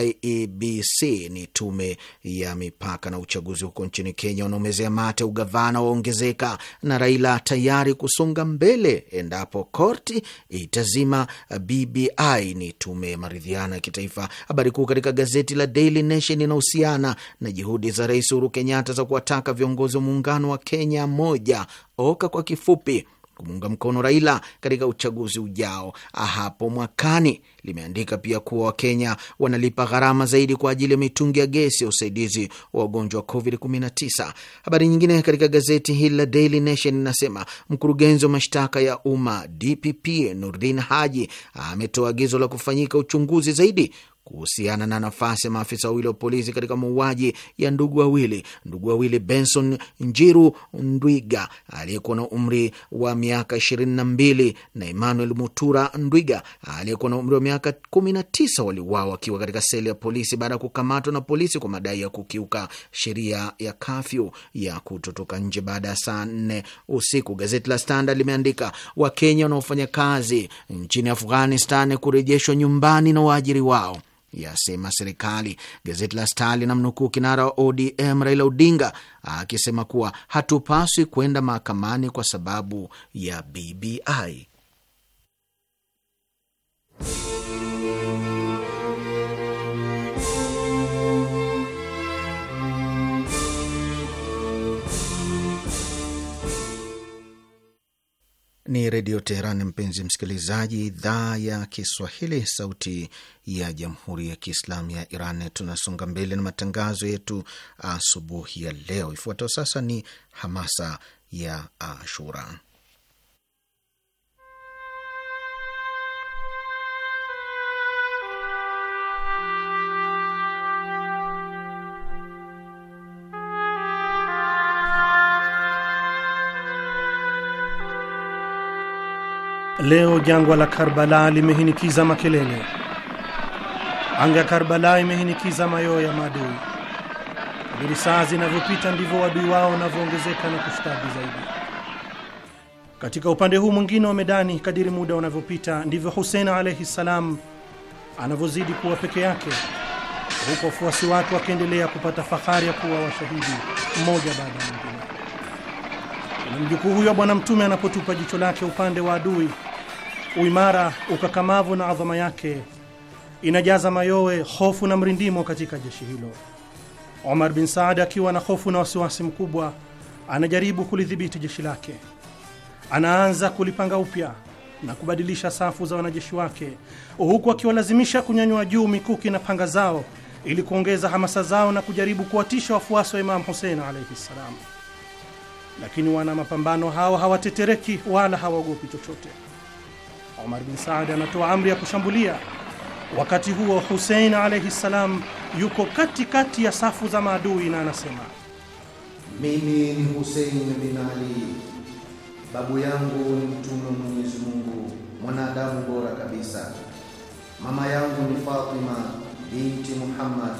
IEBC ni tume ya mipaka na uchaguzi huko nchini Kenya unaomezea mate ugavana waongezeka, na Raila tayari kusonga mbele endapo korti itazima BBI. Ni tume ya maridhiano ya kitaifa. Habari kuu katika gazeti la Daily Nation inahusiana na juhudi za Rais Uhuru Kenyatta za kuwataka viongozi wa muungano wa Kenya moja oka kwa kifupi kumuunga mkono Raila katika uchaguzi ujao hapo mwakani. Limeandika pia kuwa Wakenya wanalipa gharama zaidi kwa ajili ya mitungi ya gesi ya usaidizi wa wagonjwa wa COVID-19. Habari nyingine katika gazeti hili la Daily Nation inasema mkurugenzi wa mashtaka ya umma DPP Nurdin Haji ametoa agizo la kufanyika uchunguzi zaidi kuhusiana na nafasi ya maafisa wawili wa polisi katika mauaji ya ndugu wawili ndugu wawili Benson Njiru Ndwiga aliyekuwa na umri wa miaka ishirini na mbili na Emmanuel Mutura Ndwiga aliyekuwa na umri wa miaka kumi na tisa waliuawa wakiwa katika seli ya polisi baada ya kukamatwa na polisi kwa madai ya kukiuka sheria ya kafyu ya kutotoka nje baada ya saa nne usiku. Gazeti la Standard limeandika Wakenya wanaofanya kazi nchini Afghanistan kurejeshwa nyumbani na waajiri wao yasema serikali. Gazeti la Star linamnukuu kinara wa ODM Raila Odinga akisema kuwa hatupaswi kwenda mahakamani kwa sababu ya BBI. Ni Redio Teheran, mpenzi msikilizaji, idhaa ya Kiswahili, sauti ya jamhuri ya kiislamu ya Iran. Tunasonga mbele na matangazo yetu asubuhi ya leo. Ifuatayo sasa ni hamasa ya Ashura. Leo jangwa la Karbala limehinikiza makelele, anga ya Karbala imehinikiza mayoo ya maadui. Kadiri saa zinavyopita ndivyo wadui wao wanavyoongezeka na kustadi zaidi. Katika upande huu mwingine wa medani, kadiri muda unavyopita ndivyo Husein alaihi ssalam anavyozidi kuwa peke yake, huku wafuasi wake wakiendelea kupata fahari ya kuwa washahidi mmoja baada ya mwingine. Na mjukuu huyo wa Bwana Mtume anapotupa jicho lake upande wa adui Uimara, ukakamavu na adhama yake inajaza mayowe, hofu na mrindimo katika jeshi hilo. Omar bin Saad akiwa na hofu na wasiwasi mkubwa, anajaribu kulidhibiti jeshi lake. Anaanza kulipanga upya na kubadilisha safu za wanajeshi wake, huku akiwalazimisha kunyanyua juu mikuki na panga zao ili kuongeza hamasa zao na kujaribu kuwatisha wafuasi wa Imamu Husein alaihi ssalam. Lakini wana mapambano hao hawatetereki wala hawaogopi chochote. Omar bin Saad anatoa amri ya kushambulia. Wakati huo Husein alaihi ssalam yuko katikati kati ya safu za maadui na anasema, mimi ni Husein bin Ali, babu yangu ni mtume wa Mwenyezi Mungu, mwanadamu bora kabisa. Mama yangu ni Fatima binti Muhammad,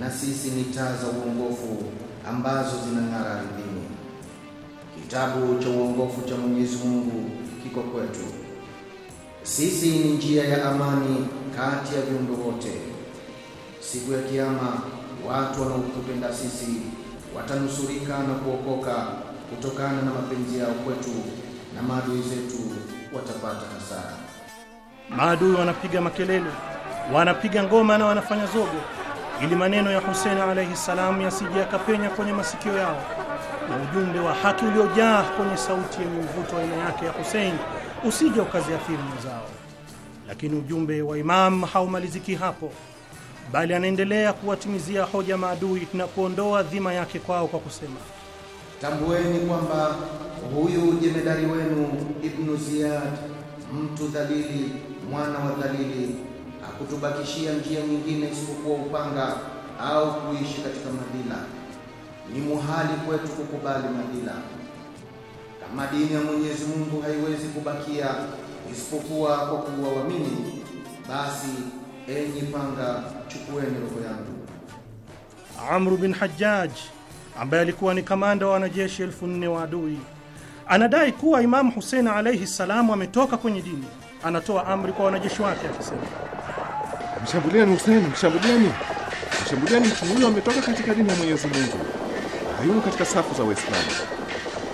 na sisi ni taa za uongofu ambazo zinang'ara ardhini. Kitabu cha uongofu cha Mwenyezi Mungu kiko kwetu sisi ni njia ya amani kati ya viumbe wote. Siku ya Kiyama, watu wanaotupenda sisi watanusurika na kuokoka kutokana na mapenzi yao kwetu, na maadui zetu watapata hasara. Maadui wanapiga makelele, wanapiga ngoma na wanafanya zogo, ili maneno ya Hussein alayhi salamu yasije yakapenya kwenye masikio yao, na ujumbe wa haki uliojaa kwenye sauti yenye mvuto aina yake ya Hussein usije ukaziathiri mwenzao. Lakini ujumbe wa Imam haumaliziki hapo, bali anaendelea kuwatimizia hoja maadui na kuondoa dhima yake kwao kwa kusema, tambueni kwamba huyu jemedari wenu Ibnu Ziyad, mtu dhalili, mwana wa dhalili, hakutubakishia njia nyingine isipokuwa upanga au kuishi katika madila. Ni muhali kwetu kukubali madila madini ya Mwenyezi Mungu haiwezi kubakia isipokuwa kwa kuwaamini. Basi enyi panga, chukueni roho yangu. Amru bin Hajjaj ambaye alikuwa ni kamanda wa wanajeshi elfu nne wa adui anadai kuwa Imamu Husein alaihi salamu ametoka kwenye dini. Anatoa amri kwa wanajeshi wake akisema, mshambulieni Husein, mshambulieni, mshambulieni, mtu huyo ametoka katika dini ya Mwenyezi Mungu, hayuko katika safu za Waislamu.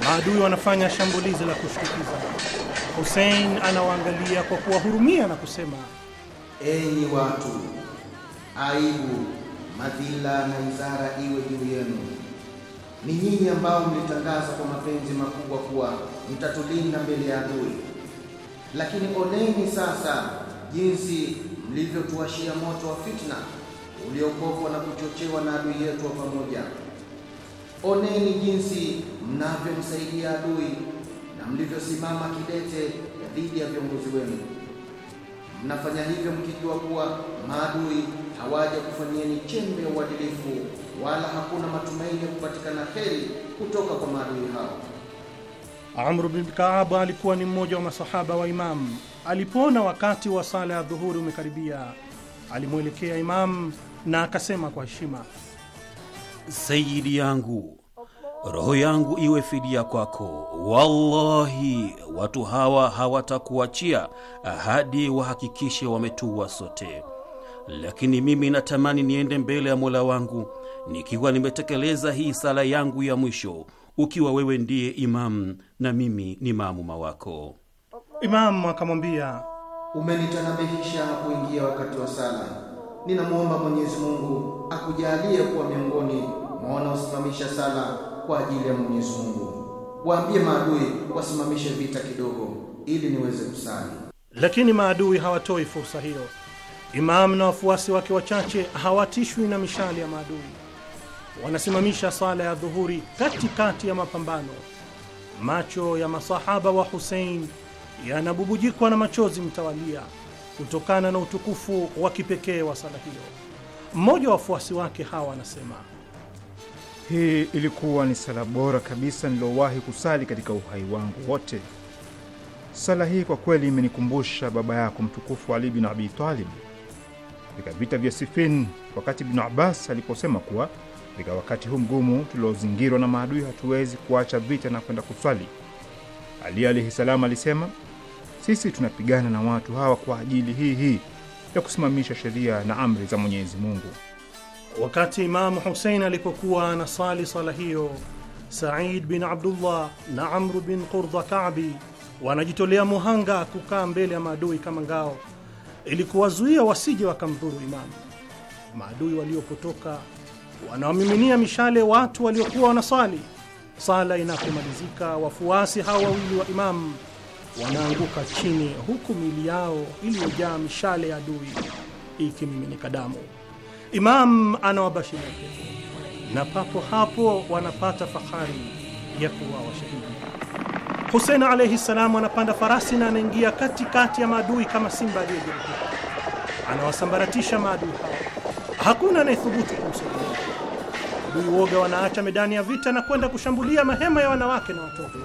Maadui wanafanya shambulizi la kushtukiza. Hussein anawaangalia kwa kuwahurumia na kusema, enyi watu, aibu, madhila na izara iwe juu yenu. Ni nyinyi ambao mlitangaza kwa mapenzi makubwa kuwa mtatulinda mbele ya adui, lakini oneni sasa jinsi mlivyotuashia moto wa fitna uliokokwa na kuchochewa na adui yetu wa pamoja. Oneni jinsi mnavyomsaidia adui na mlivyosimama kidete dhidi ya viongozi wenu. Mnafanya hivyo mkijua kuwa maadui hawaja kufanyieni chembe ya uadilifu, wala hakuna matumaini ya kupatikana heri kutoka kwa maadui hao. Amru bin Kaabu alikuwa ni mmoja wa masahaba wa Imamu. Alipoona wakati wa sala ya dhuhuri umekaribia, alimwelekea Imamu na akasema kwa heshima sayidi yangu, roho yangu iwe fidia kwako. Wallahi, watu hawa hawatakuachia hadi wahakikishe wametuwa sote. Lakini mimi natamani niende mbele ya Mola wangu nikiwa nimetekeleza hii sala yangu ya mwisho, ukiwa wewe ndiye imamu na mimi ni maamuma wako. Imamu akamwambia, umenitanabihisha kuingia wakati wa sala ninamwomba Mwenyezi Mungu akujalie kuwa miongoni mwa wanaosimamisha sala kwa ajili ya Mwenyezi Mungu. Waambie maadui wasimamishe vita kidogo, ili niweze kusali. Lakini maadui hawatoi fursa hiyo. Imamu na wafuasi wake wachache hawatishwi na mishale ya maadui, wanasimamisha sala ya dhuhuri katikati ya mapambano. Macho ya masahaba wa Husein yanabubujikwa na machozi mtawalia kutokana na utukufu wa kipekee wa sala hiyo. Mmoja wa wafuasi wake hawa anasema, hii ilikuwa ni sala bora kabisa niliowahi kusali katika uhai wangu wote. Sala hii kwa kweli imenikumbusha baba yako mtukufu Ali bin Abi Talib katika vita vya Sifin, wakati Ibnu Abbas aliposema kuwa katika wakati huu mgumu tuliozingirwa na maadui hatuwezi kuacha vita na kwenda kuswali. Ali alaihi salam alisema sisi tunapigana na watu hawa kwa ajili hii hii ya kusimamisha sheria na amri za Mwenyezi Mungu. Wakati Imamu Husein alipokuwa anasali sala hiyo, Said bin Abdullah na Amru bin Qurdha Kabi wanajitolea muhanga kukaa mbele ya maadui kama ngao, ili kuwazuia wasije wakamdhuru Imamu. Maadui waliopotoka wanawamiminia mishale watu waliokuwa wanasali. Sala inapomalizika, wafuasi hawa wawili wa Imamu wanaanguka chini, huku mili yao iliyojaa mishale ya adui ikimiminika damu. Imam anawabashiria pepo, na papo hapo wanapata fahari ya kuwa washahidi. Husein alaihi salamu anapanda farasi na anaingia katikati ya maadui kama simba aliyejeruhiwa, anawasambaratisha maadui hao, hakuna anayethubutu kumsogelea. Adui woga wanaacha medani ya vita na kwenda kushambulia mahema ya wanawake na watoto.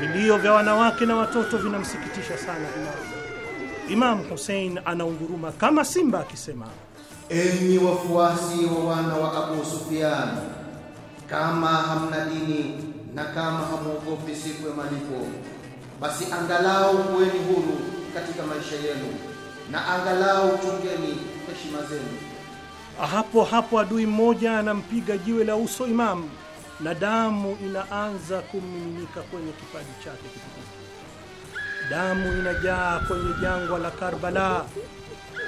Vilio vya wanawake na watoto vinamsikitisha sana imamu. Imamu Hussein anaunguruma kama simba akisema, enyi wafuasi wa wana wa Abu Sufyan, kama hamna dini na kama hamwogopi siku ya malipo, basi angalau kuweni huru katika maisha yenu na angalau chungeni heshima zenu. Hapo hapo adui mmoja anampiga jiwe la uso imamu na damu inaanza kumiminika kwenye kipaji chake kitukufu. Damu inajaa kwenye jangwa la Karbala,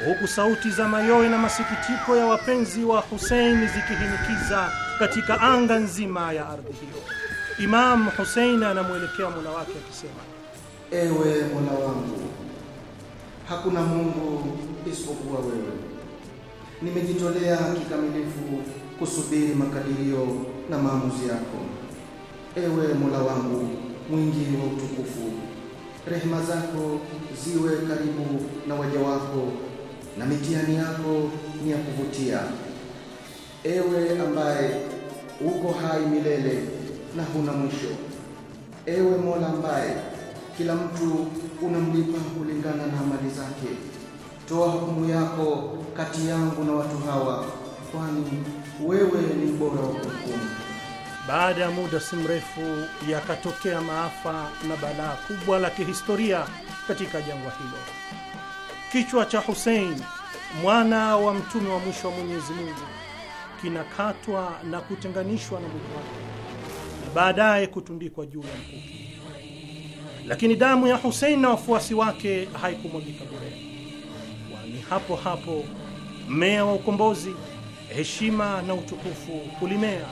huku sauti za mayowe na masikitiko ya wapenzi wa Huseini zikihinikiza katika anga nzima ya ardhi hiyo. Imamu Huseini anamwelekea mola wake akisema, ewe mola wangu, hakuna mungu isipokuwa wewe, nimejitolea kikamilifu kusubiri makadirio na maamuzi yako. Ewe Mola wangu mwingi wa utukufu, rehema zako ziwe karibu na waja wako na mitihani yako ni ya kuvutia. Ewe ambaye uko hai milele na huna mwisho, ewe Mola ambaye kila mtu unamlipa kulingana na amali zake, toa hukumu yako kati yangu na watu hawa, kwani wewe ni bora wa kuhukumu. Baada ya muda si mrefu yakatokea maafa na balaa kubwa la kihistoria katika jangwa hilo. Kichwa cha Hussein mwana wa mtume wa mwisho wa Mwenyezi Mungu kinakatwa na kutenganishwa na mwili wake na baadaye kutundikwa juu ya mkuki, lakini damu ya Hussein na wafuasi wake haikumwagika bure, kwani hapo hapo mmea wa ukombozi heshima na utukufu kulimea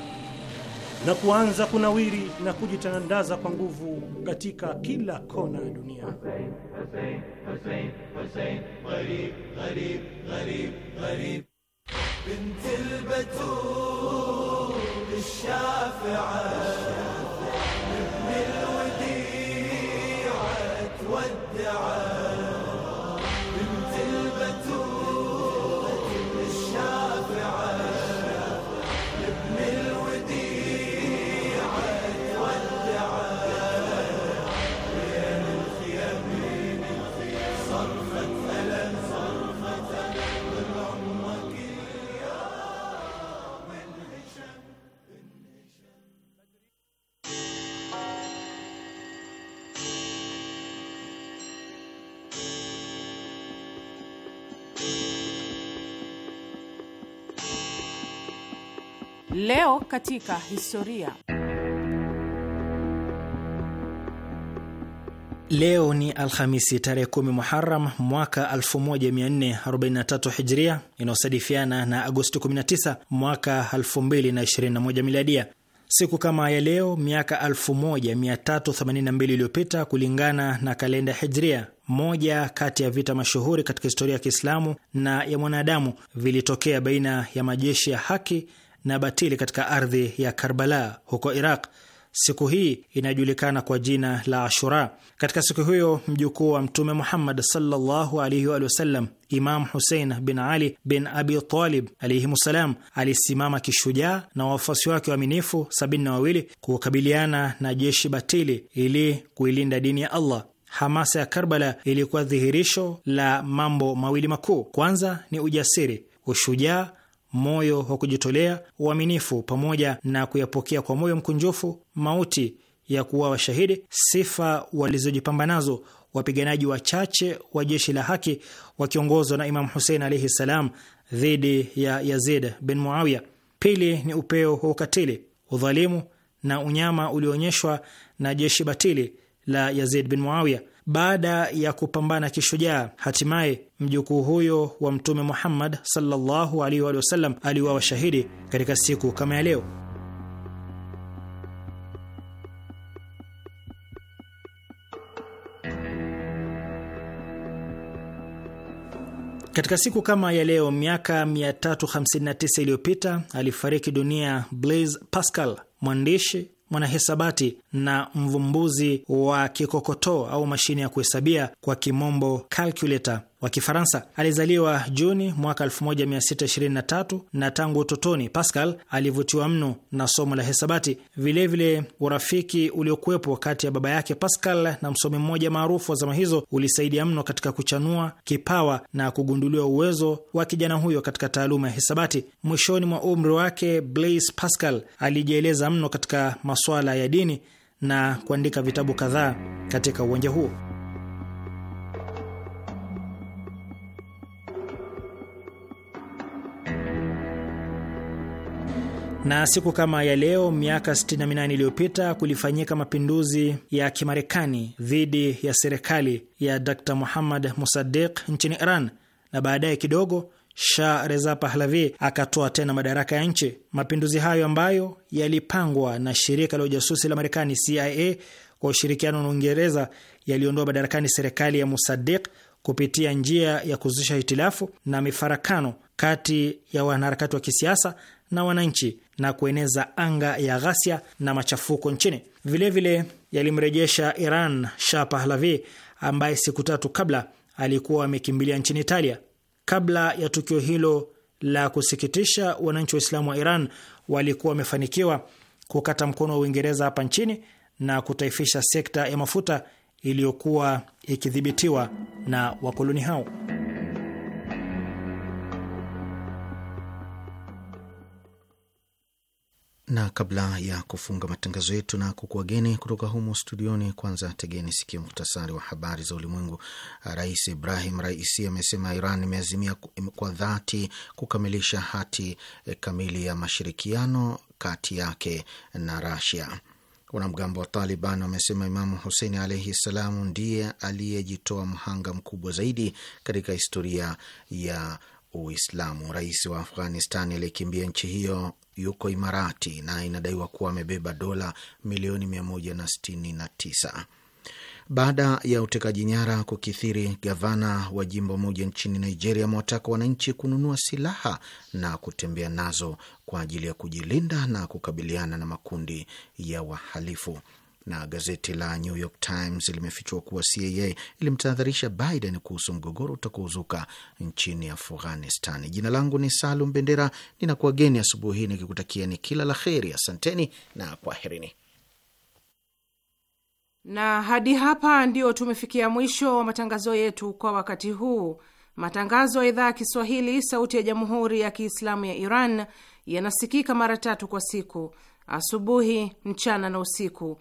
na kuanza kunawiri na kujitandaza kwa nguvu katika kila kona ya dunia. Leo katika historia. Leo ni Alhamisi tarehe 10 Muharam mwaka 1443 Hijria, inayosadifiana na Agosti 19 mwaka 2021 Miladia. Siku kama ya leo miaka 1382 iliyopita kulingana na kalenda Hijria, moja kati ya vita mashuhuri katika historia ya Kiislamu na ya mwanadamu vilitokea baina ya majeshi ya haki na batili katika ardhi ya Karbala huko Iraq. Siku hii inajulikana kwa jina la Ashura. Katika siku hiyo mjukuu wa Mtume Muhammad sallallahu alaihi wa sallam, Imam Husein bin Ali bin Abi Talib alaihimussalam, alisimama kishujaa na wafuasi wake waaminifu sabini na wawili kukabiliana na jeshi batili ili kuilinda dini ya Allah. Hamasa ya Karbala ilikuwa dhihirisho la mambo mawili makuu. Kwanza ni ujasiri, ushujaa moyo wa kujitolea, uaminifu, pamoja na kuyapokea kwa moyo mkunjufu mauti ya kuwa washahidi sifa walizojipamba nazo wapiganaji wachache wa jeshi la haki wakiongozwa na Imam Husein alaihi ssalam dhidi ya Yazid bin Muawiya. Pili ni upeo wa ukatili, udhalimu na unyama ulioonyeshwa na jeshi batili la Yazid bin Muawiya. Baada ya kupambana kishujaa, hatimaye mjukuu huyo wa Mtume Muhammad sallallahu alaihi wa sallam aliuawa shahidi katika siku kama ya leo. Katika siku kama ya leo miaka 359 iliyopita alifariki dunia Blaise Pascal, mwandishi, mwanahesabati na mvumbuzi wa kikokotoo au mashine ya kuhesabia kwa kimombo calculator wa Kifaransa. Alizaliwa Juni mwaka 1623 na tangu utotoni Pascal alivutiwa mno na somo la hesabati. Vilevile vile urafiki uliokuwepo kati ya baba yake Pascal na msomi mmoja maarufu wa zama hizo ulisaidia mno katika kuchanua kipawa na kugunduliwa uwezo wa kijana huyo katika taaluma ya hesabati. Mwishoni mwa umri wake, Blaise Pascal alijieleza mno katika masuala ya dini na kuandika vitabu kadhaa katika uwanja huo. Na siku kama ya leo miaka 68 iliyopita kulifanyika mapinduzi ya Kimarekani dhidi ya serikali ya Dr. Muhammad Musaddiq nchini Iran, na baadaye kidogo Shah Reza Pahlavi akatoa tena madaraka ya nchi. Mapinduzi hayo ambayo yalipangwa na shirika la ujasusi la Marekani CIA kwa ushirikiano na Uingereza yaliondoa madarakani serikali ya Musadik kupitia njia ya kuzusha hitilafu na mifarakano kati ya wanaharakati wa kisiasa na wananchi na kueneza anga ya ghasia na machafuko nchini. Vilevile yalimrejesha Iran Shah Pahlavi ambaye siku tatu kabla alikuwa amekimbilia nchini Italia. Kabla ya tukio hilo la kusikitisha, wananchi Waislamu wa Iran walikuwa wamefanikiwa kukata mkono wa Uingereza hapa nchini na kutaifisha sekta ya mafuta iliyokuwa ikidhibitiwa na wakoloni hao. na kabla ya kufunga matangazo yetu na kukuageni kutoka humo studioni, kwanza tegeni sikio muhtasari wa habari za ulimwengu. Rais Ibrahim Raisi amesema Iran imeazimia kwa dhati kukamilisha hati eh, kamili ya mashirikiano kati yake na Rasia. Wanamgambo wa Taliban wamesema Imamu Husein alaihi ssalamu ndiye aliyejitoa mhanga mkubwa zaidi katika historia ya Uislamu. Rais wa Afghanistan aliyekimbia nchi hiyo yuko Imarati na inadaiwa kuwa amebeba dola milioni 169. Baada ya utekaji nyara kukithiri, gavana wa jimbo moja nchini Nigeria amewataka wananchi kununua silaha na kutembea nazo kwa ajili ya kujilinda na kukabiliana na makundi ya wahalifu na gazeti la New York Times limefichua kuwa CIA ilimtahadharisha Biden kuhusu mgogoro utakaozuka nchini Afghanistan. Jina langu ni Salum Bendera, ninakuwageni asubuhi hii ni kila la heri. Asanteni na kwaherini. Na hadi hapa ndio tumefikia mwisho wa matangazo yetu kwa wakati huu. Matangazo ya idhaa ya Kiswahili, Sauti ya Jamhuri ya Kiislamu ya Iran yanasikika mara tatu kwa siku: asubuhi, mchana na usiku